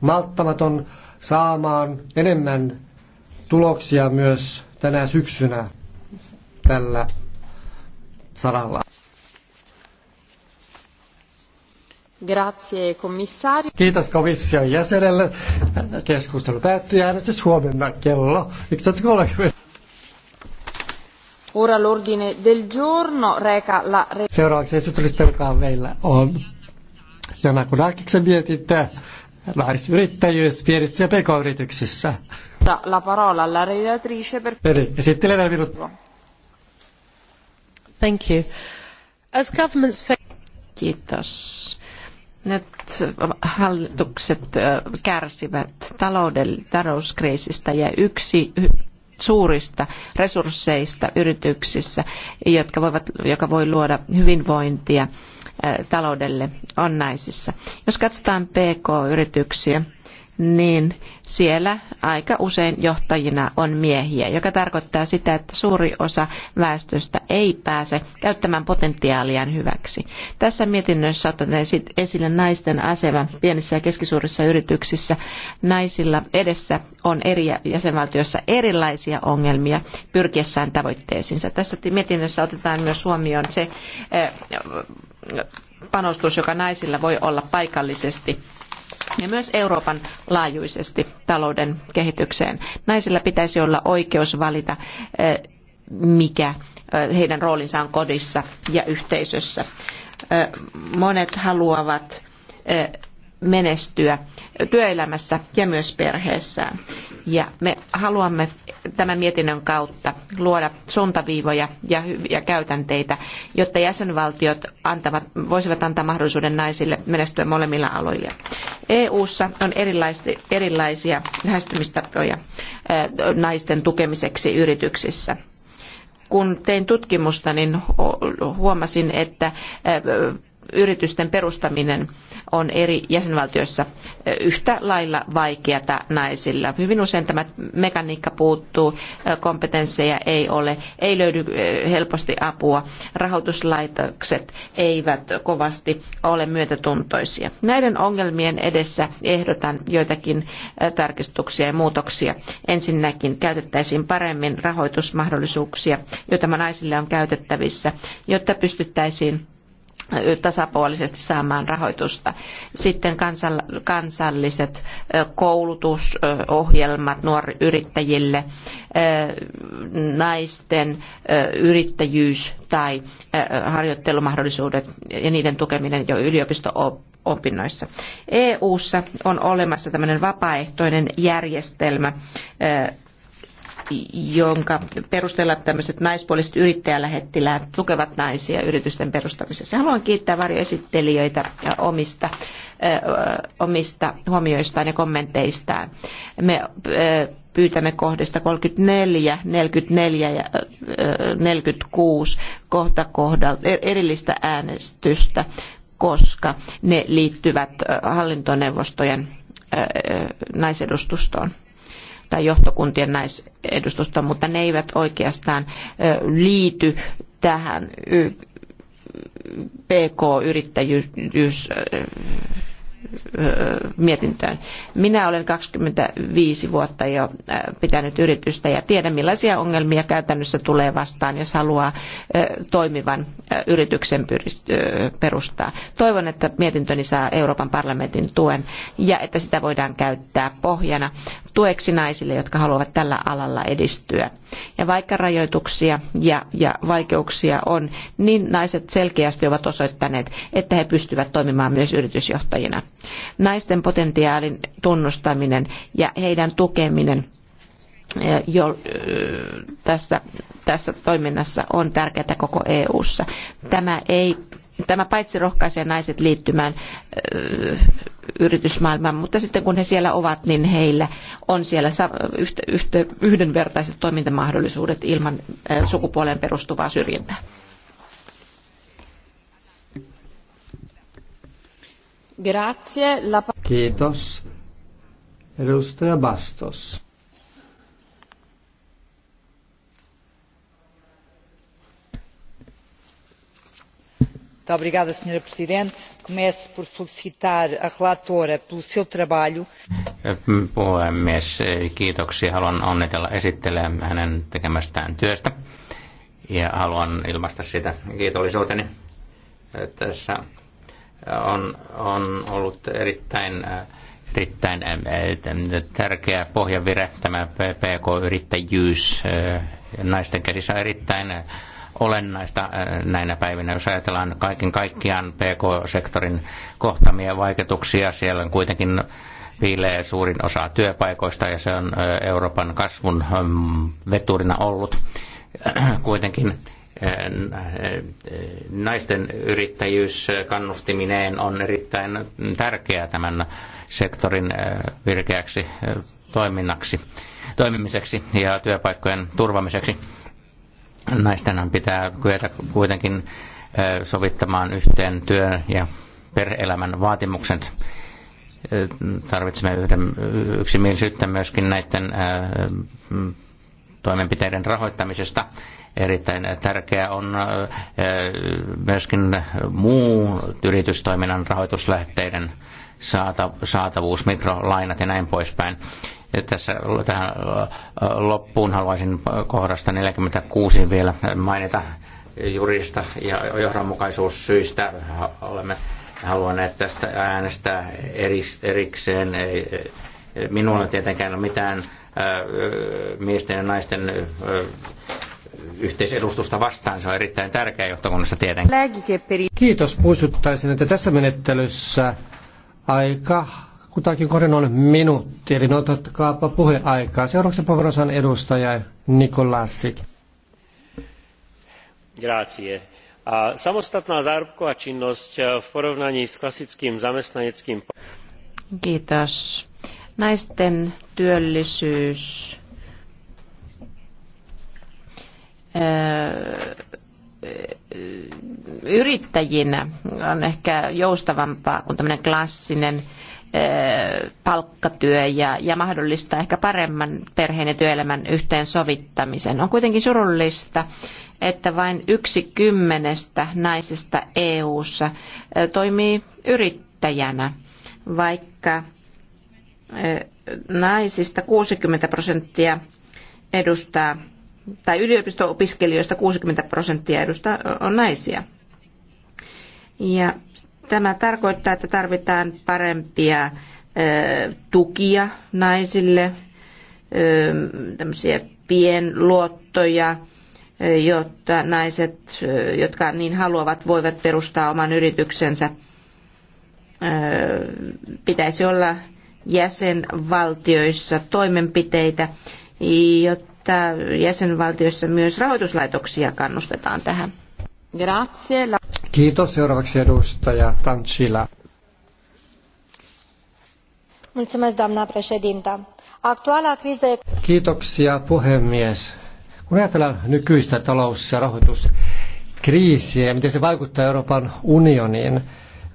malttamaton saamaan enemmän tuloksia myös tänä syksynä tällä saralla. Grazie, komissaari. Kiitos komission jäsenelle. Keskustelu päättyy äänestys huomenna kello 11.30. Ora l'ordine del giorno reca la... Seuraavaksi esitys, esityslistan meillä on Janakunakiksen mietintö naisyrittäjyys pienissä ja pk-yrityksissä. La parola alla relatrice per... Thank you. As governments... Kiitos. Nyt hallitukset kärsivät taloudellisesta talouskriisistä ja yksi suurista resursseista yrityksissä, jotka voivat, joka voi luoda hyvinvointia taloudelle on naisissa. Jos katsotaan PK-yrityksiä, niin siellä aika usein johtajina on miehiä, joka tarkoittaa sitä, että suuri osa väestöstä ei pääse käyttämään potentiaaliaan hyväksi. Tässä mietinnössä otan esille naisten asema pienissä ja keskisuurissa yrityksissä. Naisilla edessä on eri jäsenvaltioissa erilaisia ongelmia pyrkiessään tavoitteisiinsa. Tässä mietinnössä otetaan myös huomioon se eh, panostus, joka naisilla voi olla paikallisesti ja myös Euroopan laajuisesti talouden kehitykseen. Naisilla pitäisi olla oikeus valita, eh, mikä eh, heidän roolinsa on kodissa ja yhteisössä. Eh, monet haluavat menestyä työelämässä ja myös perheessään. Ja me haluamme tämän mietinnön kautta luoda suuntaviivoja ja hyviä käytänteitä, jotta jäsenvaltiot antavat, voisivat antaa mahdollisuuden naisille menestyä molemmilla aloilla. EU:ssa on erilaisia lähestymistapoja naisten tukemiseksi yrityksissä kun tein tutkimusta, niin huomasin, että yritysten perustaminen on eri jäsenvaltioissa yhtä lailla vaikeata naisilla. Hyvin usein tämä mekaniikka puuttuu, kompetensseja ei ole, ei löydy helposti apua, rahoituslaitokset eivät kovasti ole myötätuntoisia. Näiden ongelmien edessä ehdotan joitakin tarkistuksia ja muutoksia. Ensinnäkin käytettäisiin paremmin rahoitusmahdollisuuksia, joita naisille on käytettävissä, jotta pystyttäisiin tasapuolisesti saamaan rahoitusta. Sitten kansalliset koulutusohjelmat nuori yrittäjille, naisten yrittäjyys tai harjoittelumahdollisuudet ja niiden tukeminen jo yliopisto opinnoissa. EU:ssa on olemassa tämmöinen vapaaehtoinen järjestelmä jonka perusteella tämmöiset naispuoliset yrittäjälähettiläät tukevat naisia yritysten perustamisessa. Haluan kiittää varjoesittelijöitä omista, omista huomioistaan ja kommenteistaan. Me pyytämme kohdista 34, 44 ja 46 kohta kohdalta e, erillistä äänestystä, koska ne liittyvät hallintoneuvostojen naisedustustoon tai johtokuntien naisedustusta, mutta ne eivät oikeastaan liity tähän PK-yrittäjyys mietintöön. Minä olen 25 vuotta jo pitänyt yritystä ja tiedän millaisia ongelmia käytännössä tulee vastaan, jos haluaa toimivan yrityksen perustaa. Toivon, että mietintöni saa Euroopan parlamentin tuen ja että sitä voidaan käyttää pohjana tueksi naisille, jotka haluavat tällä alalla edistyä. Ja vaikka rajoituksia ja, ja vaikeuksia on, niin naiset selkeästi ovat osoittaneet, että he pystyvät toimimaan myös yritysjohtajina Naisten potentiaalin tunnustaminen ja heidän tukeminen eh, jo, eh, tässä, tässä toiminnassa on tärkeää koko EU:ssa. Tämä ei Tämä paitsi rohkaisee naiset liittymään eh, yritysmaailmaan, mutta sitten kun he siellä ovat, niin heillä on siellä yhdenvertaiset toimintamahdollisuudet ilman sukupuoleen perustuvaa syrjintää. Grazie. La... Kiitos. Edustaja Bastos. senhora presidente começo por felicitar a relatora pelo seu trabalho. Eh, puhemies eh, kiitoksia haluan onnitella esittelijää hänen tekemästään työstä ja haluan ilmaista siitä kiitollisuuteni. Eh, tässä on, on ollut erittäin, erittäin äh, tärkeä pohjavire, tämä PK-yrittäjyys. Äh, naisten käsissä on erittäin äh, olennaista näinä päivinä, jos ajatellaan kaiken kaikkiaan PK-sektorin kohtamia vaikutuksia. Siellä on kuitenkin piilee suurin osa työpaikoista ja se on Euroopan kasvun ähm, veturina ollut kuitenkin naisten yrittäjyys kannustimineen on erittäin tärkeää tämän sektorin eh, virkeäksi eh, toiminnaksi, toimimiseksi ja työpaikkojen turvamiseksi. Naistenhan pitää kyetä kuitenkin eh, sovittamaan yhteen työn ja perheelämän vaatimukset. Tarvitsemme yhden, yksimielisyyttä myöskin näiden toimenpiteiden rahoittamisesta Erittäin tärkeää on äh, myöskin muu yritystoiminnan rahoituslähteiden saatavuus, mikrolainat ja näin poispäin. Ja tässä tähän äh, loppuun haluaisin kohdasta 46 vielä mainita jurista ja johdonmukaisuussyistä olemme halunneet tästä äänestää erikseen. Ei, minulla tietenkään ole mitään äh, miesten ja naisten yhteisedustusta vastaan. Se on erittäin tärkeä johtokunnassa tietenkin. Kiitos. Muistuttaisin, että tässä menettelyssä aika kutakin kohden on minuutti, eli otatkaapa puheaikaa. Seuraavaksi puheenvuoron edustaja Nikolasik. Grazie. A samostatná zárobková činnosť v porovnaní s klasickým zamestnaneckým... Kiitos. Naisten työllisyys yrittäjinä on ehkä joustavampaa kuin tämmöinen klassinen palkkatyö ja, ja mahdollistaa ehkä paremman perheen ja työelämän yhteensovittamisen. On kuitenkin surullista, että vain yksi kymmenestä naisesta EU:ssa toimii yrittäjänä, vaikka naisista 60 prosenttia edustaa tai yliopisto-opiskelijoista 60 prosenttia edustaa, on naisia. Ja tämä tarkoittaa, että tarvitaan parempia tukia naisille, tämmöisiä pienluottoja, jotta naiset, jotka niin haluavat, voivat perustaa oman yrityksensä. Pitäisi olla jäsenvaltioissa toimenpiteitä, jotta että jäsenvaltioissa myös rahoituslaitoksia kannustetaan tähän. Grazie. Kiitos. Seuraavaksi edustaja Tanchila. E- Kiitoksia, puhemies. Kun ajatellaan nykyistä talous- ja rahoituskriisiä ja miten se vaikuttaa Euroopan unioniin,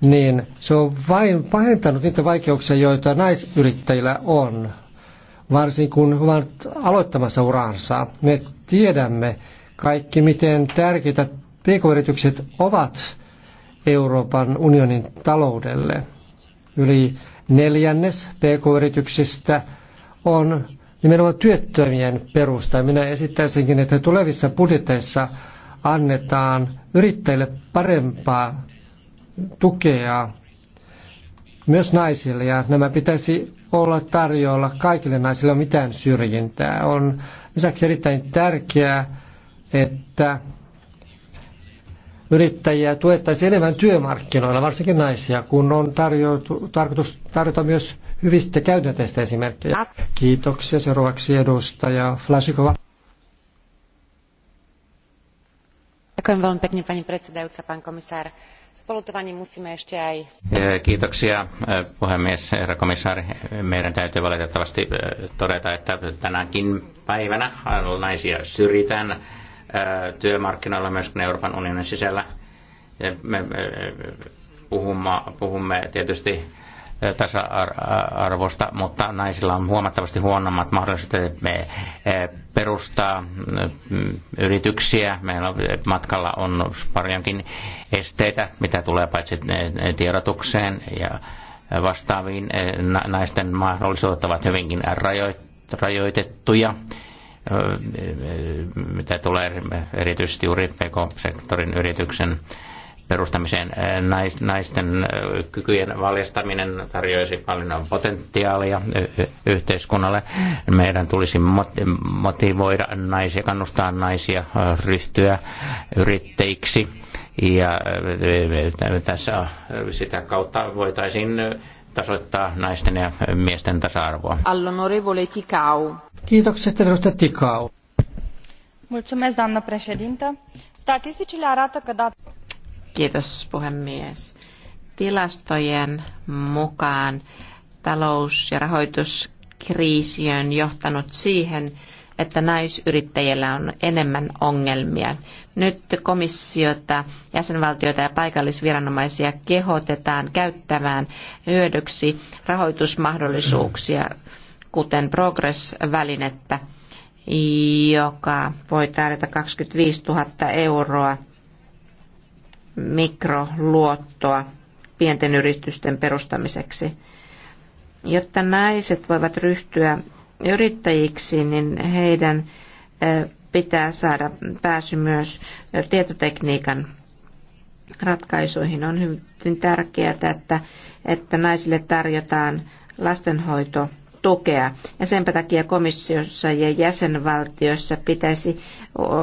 niin se on vain pahentanut niitä vaikeuksia, joita naisyrittäjillä on varsin kun ovat aloittamassa uraansa. Me tiedämme kaikki, miten tärkeitä pk-yritykset ovat Euroopan unionin taloudelle. Yli neljännes pk-yrityksistä on nimenomaan työttömien perusta. Minä esittäisinkin, että tulevissa budjeteissa annetaan yrittäjille parempaa tukea myös naisille ja nämä pitäisi olla tarjolla kaikille naisille mitään syrjintää. On lisäksi erittäin tärkeää, että yrittäjiä tuettaisiin enemmän työmarkkinoilla, varsinkin naisia, kun on tarjoutu, tarkoitus tarjota myös hyvistä käytänteistä esimerkkejä. Kiitoksia. Seuraavaksi edustaja Flasikova. s musíme ešte aj. E, kiitoksia e, puhemies, herra komissaari. Meidän täytyy valitettavasti e, todeta, että tänäkin päivänä naisia syrjitään työmarkkinoilla myös Euroopan unionin sisällä. Me puhumme tietysti Eh, tasa-arvosta, mutta naisilla on huomattavasti huonommat mahdollisuudet eh, perustaa mm, yrityksiä. Meillä eh, matkalla on paljonkin esteitä, mitä tulee paitsi tiedotukseen ja vastaaviin. Naisten mahdollisuudet ovat hyvinkin rajoitettuja mitä tulee erityisesti juuri PK-sektorin yrityksen perustamiseen. Naisten kykyjen valjastaminen tarjoaisi paljon potentiaalia yhteiskunnalle. Meidän tulisi motivoida naisia, kannustaa naisia ryhtyä yrittäjiksi. Ja tässä sitä kautta voitaisiin tasoittaa naisten ja miesten tasa-arvoa. All'onorevole Ticau. Kiitokset, edustaja Tikau. Mulțumesc, doamnă președintă. Statisticile arată că dat... Kiitos puhemies. Tilastojen mukaan talous- ja rahoituskriisi on johtanut siihen, että naisyrittäjillä on enemmän ongelmia. Nyt komissiota, jäsenvaltioita ja paikallisviranomaisia kehotetaan käyttämään hyödyksi rahoitusmahdollisuuksia, kuten Progress-välinettä, joka voi tarjota 25 000 euroa – mikroluottoa pienten yritysten perustamiseksi. Jotta naiset voivat ryhtyä yrittäjiksi, niin heidän pitää saada pääsy myös tietotekniikan ratkaisuihin. On hyvin tärkeää, että, että naisille tarjotaan lastenhoito tukea. Ja sen takia komissiossa ja jäsenvaltioissa pitäisi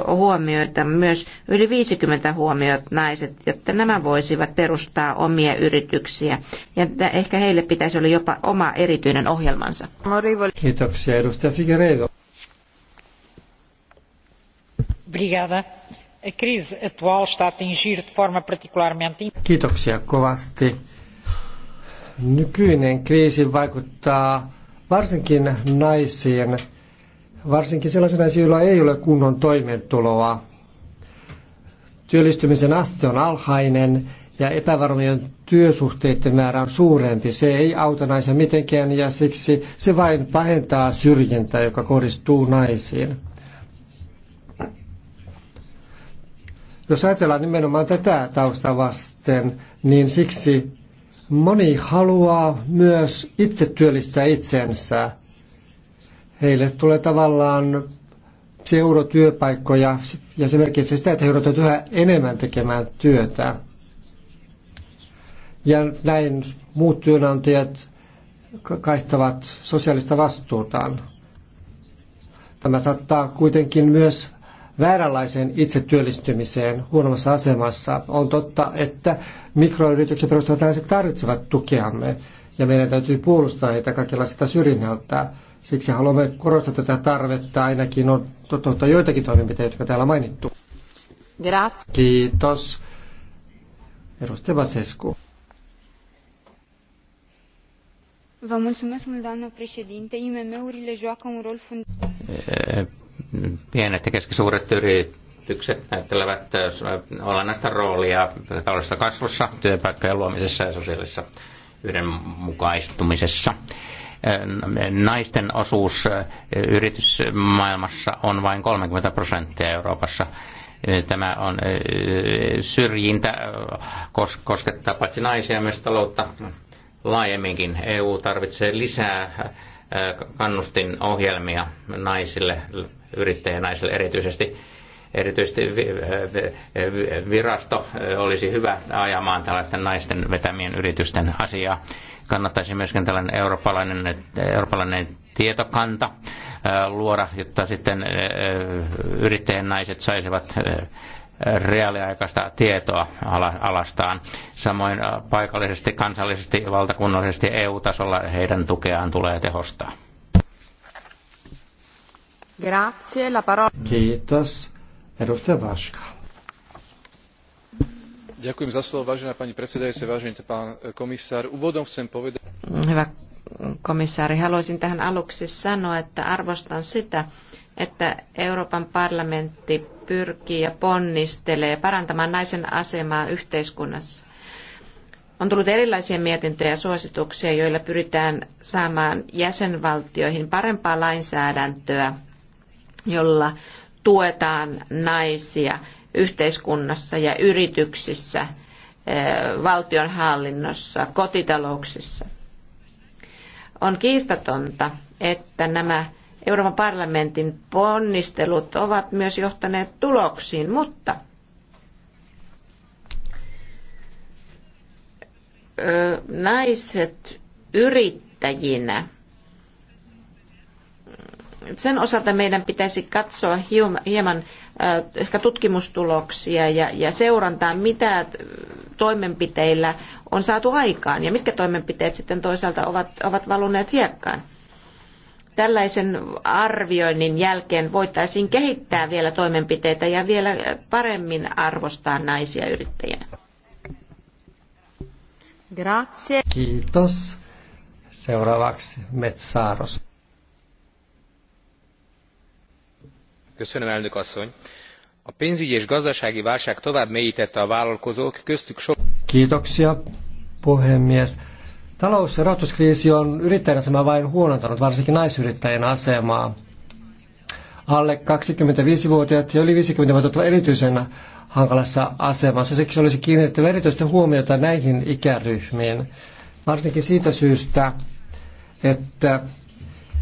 huomioida myös yli 50 huomiot naiset, jotta nämä voisivat perustaa omia yrityksiä. Ja ehkä heille pitäisi olla jopa oma erityinen ohjelmansa. Kiitoksia edustaja Figueiredo. Brigada. A crise atual está a atingir de forma particularmente... Kiitoksia kovasti nykyinen kriisi vaikuttaa varsinkin naisiin, varsinkin sellaisiin naisiin, joilla ei ole kunnon toimeentuloa. Työllistymisen aste on alhainen ja epävarmojen työsuhteiden määrä on suurempi. Se ei auta naisia mitenkään ja siksi se vain pahentaa syrjintää, joka kohdistuu naisiin. Jos ajatellaan nimenomaan tätä taustaa vasten, niin siksi Moni haluaa myös itse työllistää itsensä. Heille tulee tavallaan seurotyöpaikkoja ja se merkitsee sitä, että he joudutaan yhä enemmän tekemään työtä. Ja näin muut työnantajat kaihtavat sosiaalista vastuutaan. Tämä saattaa kuitenkin myös vääränlaiseen itsetyöllistymiseen huonommassa asemassa. On totta, että mikroyritykset perustuvat naiset tarvitsevat tukeamme ja meidän täytyy puolustaa heitä kaikenlaista syrjinnältä. Siksi haluamme korostaa tätä tarvetta, ainakin on totta joitakin toimenpiteitä, jotka täällä on mainittu. Grazie. Kiitos. Edustaja Vasescu. Vă mulțumesc mult, doamnă președinte. IMM-urile joacă un rol fundamental eh, pienet ja keskisuuret yritykset näyttelevät äh, olennaista roolia taloudellisessa kasvussa, työpaikkojen luomisessa ja sosiaalisessa yhdenmukaistumisessa. Äh, naisten osuus äh, yritysmaailmassa on vain 30 prosenttia Euroopassa tämä on syrjintä, koskettaa paitsi naisia myös taloutta laajemminkin. EU tarvitsee lisää Kannustin ohjelmia naisille, yrittäjänaisille erityisesti. Erityisesti virasto olisi hyvä ajamaan tällaisten naisten vetämien yritysten asiaa. Kannattaisi myöskin tällainen eurooppalainen, eurooppalainen tietokanta luoda, jotta sitten yrittäjän naiset saisivat reaaliaikaista tietoa alastaan. Samoin äh, paikallisesti, kansallisesti, valtakunnallisesti EU-tasolla heidän tukeaan tulee tehostaa. Grazie, la parola. Kiitos. Edustaja Vaska. Ďakujem za slovo, vážená pani predsedajúca, vážený pán e, komisár. Úvodom chcem povedať... Hyvä komissaari, haluaisin tähän aluksi sanoa, että arvostan sitä, että Euroopan parlamentti pyrkii ja ponnistelee parantamaan naisen asemaa yhteiskunnassa. On tullut erilaisia mietintöjä ja suosituksia, joilla pyritään saamaan jäsenvaltioihin parempaa lainsäädäntöä, jolla tuetaan naisia yhteiskunnassa ja yrityksissä, eh, valtionhallinnossa, kotitalouksissa. On kiistatonta, että nämä Euroopan parlamentin ponnistelut ovat myös johtaneet tuloksiin, mutta naiset yrittäjinä. Sen osalta meidän pitäisi katsoa hieman ehkä tutkimustuloksia ja, ja seurantaa, mitä toimenpiteillä on saatu aikaan ja mitkä toimenpiteet sitten toisaalta ovat, ovat valuneet hiekkaan. Tällaisen arvioinnin jälkeen voitaisiin kehittää vielä toimenpiteitä ja vielä paremmin arvostaa naisia yrittäjinä. Grazie. Kiitos. Seuraavaksi Metsaaros. Köszönöm, elnök asszony. A pénzügyi és gazdasági válság tovább mélyítette a vállalkozók, köztük sok... Kiitoksia, puhemies. Talous- ja rahoituskriisi on yrittäjän asemaa vain huonontanut, varsinkin naisyrittäjän asemaa. Alle 25-vuotiaat ja yli 50-vuotiaat ovat erityisen hankalassa asemassa. Siksi olisi kiinnitettävä erityistä huomiota näihin ikäryhmiin, varsinkin siitä syystä, että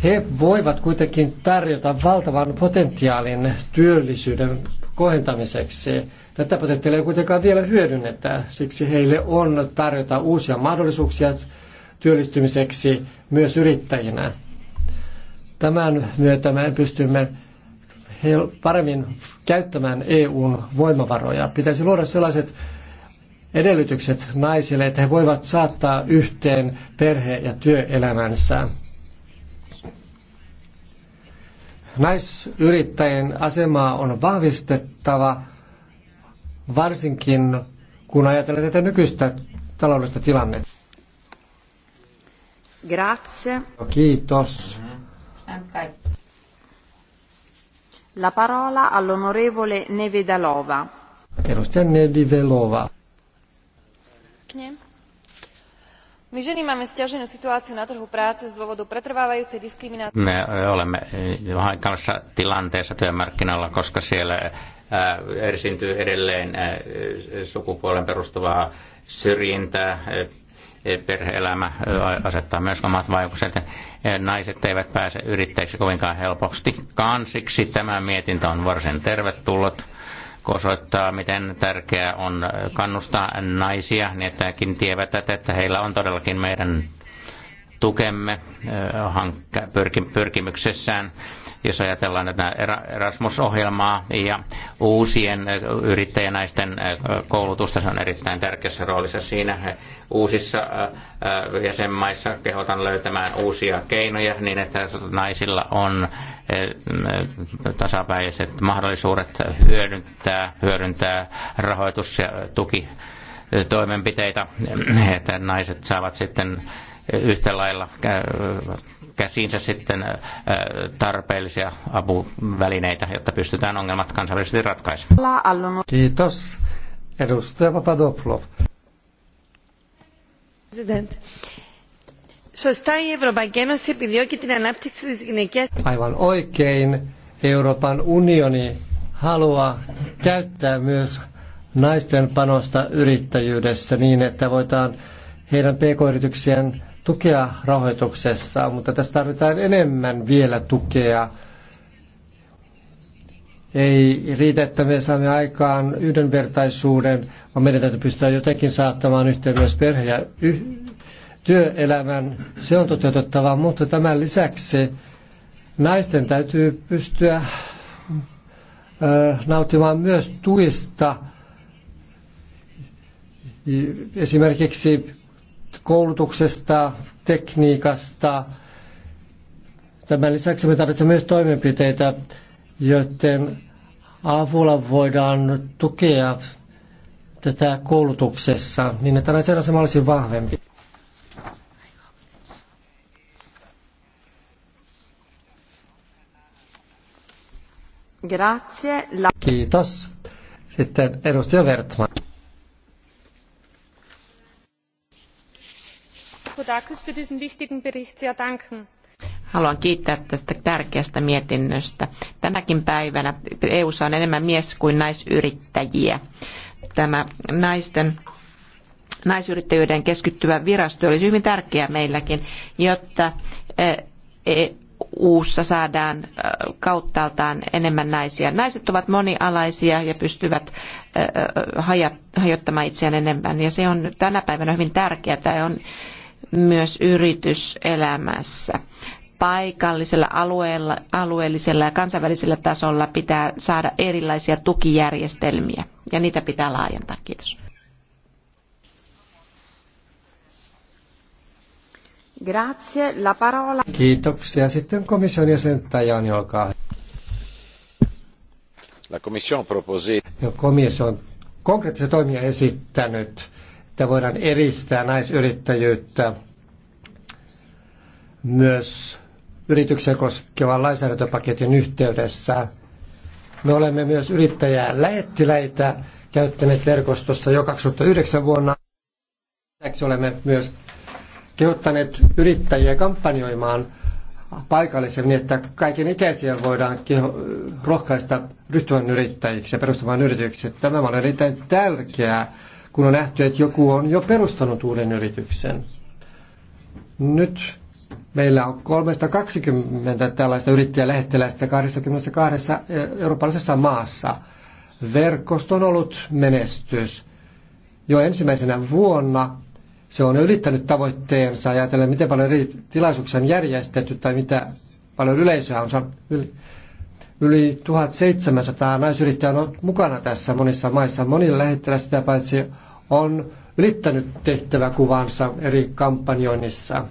he voivat kuitenkin tarjota valtavan potentiaalin työllisyyden kohentamiseksi. Tätä potentiaalia ei kuitenkaan vielä hyödynnetä, siksi heille on tarjota uusia mahdollisuuksia työllistymiseksi myös yrittäjinä. Tämän myötä me pystymme paremmin käyttämään EUn voimavaroja. Pitäisi luoda sellaiset edellytykset naisille, että he voivat saattaa yhteen perhe- ja työelämänsä. Naisyrittäjien asemaa on vahvistettava, varsinkin kun ajatellaan tätä nykyistä taloudellista tilannetta. Grazie. Kiitos. Mm-hmm. La parola all'onorevole Nevedalova. Edustaja Nevedalova. My ženy máme stiaženú situáciu na trhu práce z dôvodu pretrvávajúcej diskriminácie. Me eh, olemme hankalassa eh, tilanteessa työmarkkinoilla, koska siellä esiintyy eh, edelleen sukupuolen perustuvaa syrjintää, perhe-elämä asettaa myös omat vaikutukset. Naiset eivät pääse yrittäjiksi kovinkaan helposti. Kansiksi tämä mietintö on varsin tervetullut osoittaa, miten tärkeää on kannustaa naisia, niin että hekin tievät, että heillä on todellakin meidän tukemme pyrkimyksessään jos ajatellaan tätä Erasmus-ohjelmaa ja uusien äh, yrittäjänaisten äh, koulutusta, se on erittäin tärkeässä roolissa siinä. Uusissa äh, jäsenmaissa kehotan löytämään uusia keinoja niin, että naisilla on tasapäiset mahdollisuudet hyödyntää, hyödyntää rahoitus- ja tuki toimenpiteitä, että naiset saavat sitten yhtä lailla käsiinsä sitten tarpeellisia apuvälineitä, jotta pystytään ongelmat kansainvälisesti ratkaisemaan. Kiitos. Edustaja Papadopoulos. President. Σωστά η Ευρωπαϊκή Ένωση επιδιώκει την ανάπτυξη της γυναικείας... Aivan oikein Euroopan unioni haluaa käyttää myös naisten panosta yrittäjyydessä niin, että voitaan heidän pk-yrityksien tukea rahoituksessa, mutta tässä tarvitaan enemmän vielä tukea. Ei riitä, että me saamme aikaan yhdenvertaisuuden, vaan meidän täytyy pystyä jotenkin saattamaan yhteen myös perhe- ja työelämän. Se on toteutettava, mutta tämän lisäksi naisten täytyy pystyä nauttimaan myös tuista. Esimerkiksi koulutuksesta, tekniikasta. Tämän lisäksi me tarvitsemme myös toimenpiteitä, joiden avulla voidaan tukea tätä koulutuksessa, niin että naisen asema olisi vahvempi. Grazie. Kiitos. Sitten edustaja Vertman. papadakis für diesen wichtigen bericht sehr danken. Haluan kiittää tästä tärkeästä mietinnöstä. Tänäkin päivänä EU:ssa on enemmän mies- kuin naisyrittäjiä. Tämä naisten naisyrittäjyyden keskittyvä virasto olisi hyvin tärkeä meilläkin, jotta EU-ssa eh, e saadaan eh, kauttaaltaan enemmän naisia. Naiset ovat monialaisia ja pystyvät eh, hajottamaan itseään enemmän ja se on tänä päivänä hyvin tärkeää. Tämä on myös yrityselämässä. Paikallisella, alueella, alueellisella ja kansainvälisellä tasolla pitää saada erilaisia tukijärjestelmiä ja niitä pitää laajentaa. Kiitos. Grazie, la parola. Kiitoksia. Sitten komission jäsen Tajani, olkaa La commission proposi... Komissio on konkreettisia toimia esittänyt että voidaan eristää naisyrittäjyyttä. Myös yrityksiä koskevan lainsäädäntöpaketin yhteydessä. Me olemme myös yrittäjää lähettiläitä käyttäneet verkostossa jo 2009 vuonna. Lisäksi olemme myös kehottaneet yrittäjiä kampanjoimaan paikallisemmin, että kaiken ikäisiä voidaan keho- rohkaista ryhtymään yrittäjiksi ja perustamaan yrityksiä. Tämä on erittäin tärkeää kun on nähty, että joku on jo perustanut uuden yrityksen. Nyt meillä on 320 tällaista yrittäjää lähettiläistä 22 eurooppalaisessa maassa. Verkosto on ollut menestys. Jo ensimmäisenä vuonna se on ylittänyt tavoitteensa ajatellen, miten paljon eri tilaisuuksia on järjestetty tai mitä paljon yleisöä on saanut. Yli 1700 naisyrittäjä on ollut mukana tässä monissa maissa. Moni lähettiläs sitä paitsi on ylittänyt tehtäväkuvansa eri kampanjoinnissa.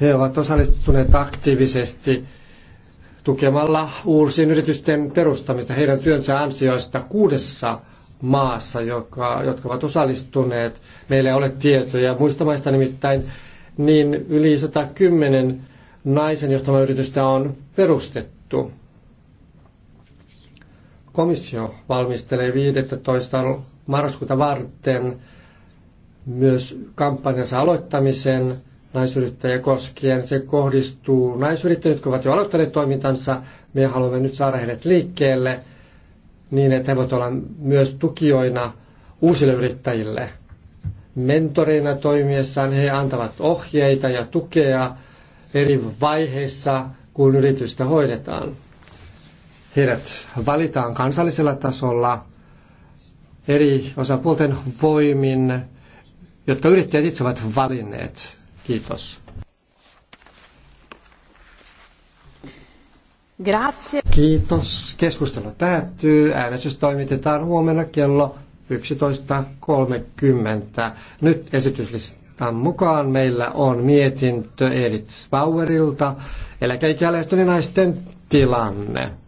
He ovat osallistuneet aktiivisesti tukemalla uusien yritysten perustamista heidän työnsä ansioista kuudessa maassa, joka, jotka ovat osallistuneet. Meillä ei ole tietoja muista maista nimittäin, niin yli 110 naisen johtama yritystä on perustettu. Komissio valmistelee 15 marraskuuta varten myös kampanjansa aloittamisen naisyrittäjä koskien. Se kohdistuu naisyrittäjiin, jotka ovat jo aloittaneet toimintansa. Me haluamme nyt saada heidät liikkeelle niin, että he voivat olla myös tukijoina uusille yrittäjille. Mentoreina toimiessaan he antavat ohjeita ja tukea eri vaiheissa, kun yritystä hoidetaan. Heidät valitaan kansallisella tasolla eri osapuolten voimin, jotka yrittäjät itse ovat valinneet. Kiitos. Grazie. Kiitos. Keskustelu päättyy. Äänestys toimitetaan huomenna kello 11.30. Nyt esityslistan mukaan meillä on mietintö Edith Bauerilta, eläkeikäläisten naisten tilanne.